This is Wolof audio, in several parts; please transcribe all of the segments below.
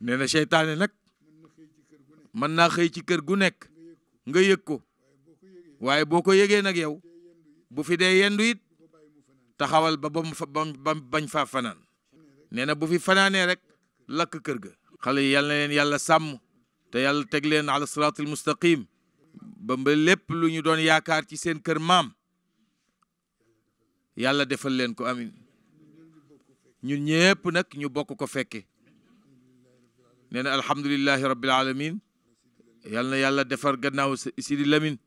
nee na seytaane nag mën naa xëy ci kër gu nekk nga yëg ko waaye boo ko yëgee nag yow bu fi dee yendu it taxawal ba ba mu fa ba fanaan nee na bu fi fanaanee rek lakk kër ga. xale yi yàlla na leen yàlla sàmm te yàlla teg leen ala siraatil mustaqim ba ba lépp lu ñu doon yaakaar ci seen kër maam yàlla defal leen ko amin ñun ñëpp nag ñu bokk ko fekke nee na alhamdulilahi rabbil alamin yal na yàlla defar gannaaw Sidi Lamine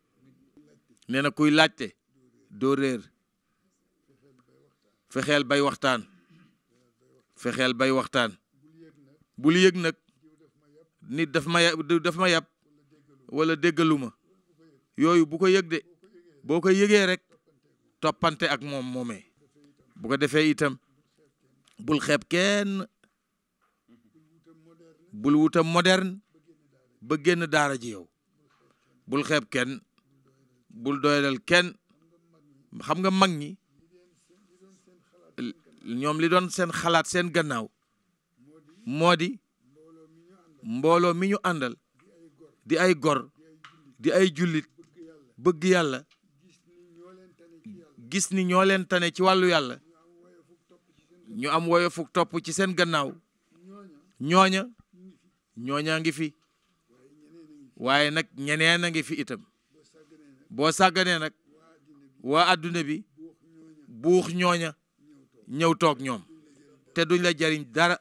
nee na kuy laajte doo réer fexeel bay waxtaan fexeel bay waxtaan bul yëg nag nit daf ma daf ma yàpp wala déggaluma yooyu bu ko yëg de boo ko yëgee rek toppante ak moom moomee bu defee itam bul xeeb kenn bul wuta moderne ba génn daara ji yow bul xeeb kenn bul doyalal kenn xam nga mag ñi ñoom li doon seen xalaat seen gannaaw moo di mbooloo mi ñu àndal di ay gor di ay jullit bëgg yàlla gis ni ñoo leen tane ci wàllu yàlla ñu am woyofuk topp ci seen gannaaw ñooña ñooñaa ngi fi waaye nag ñeneen a ngi fi itam boo sàgganee nag waa àdduna bi buux ñooña ñëw toog ñoom te duñ la jariñ dara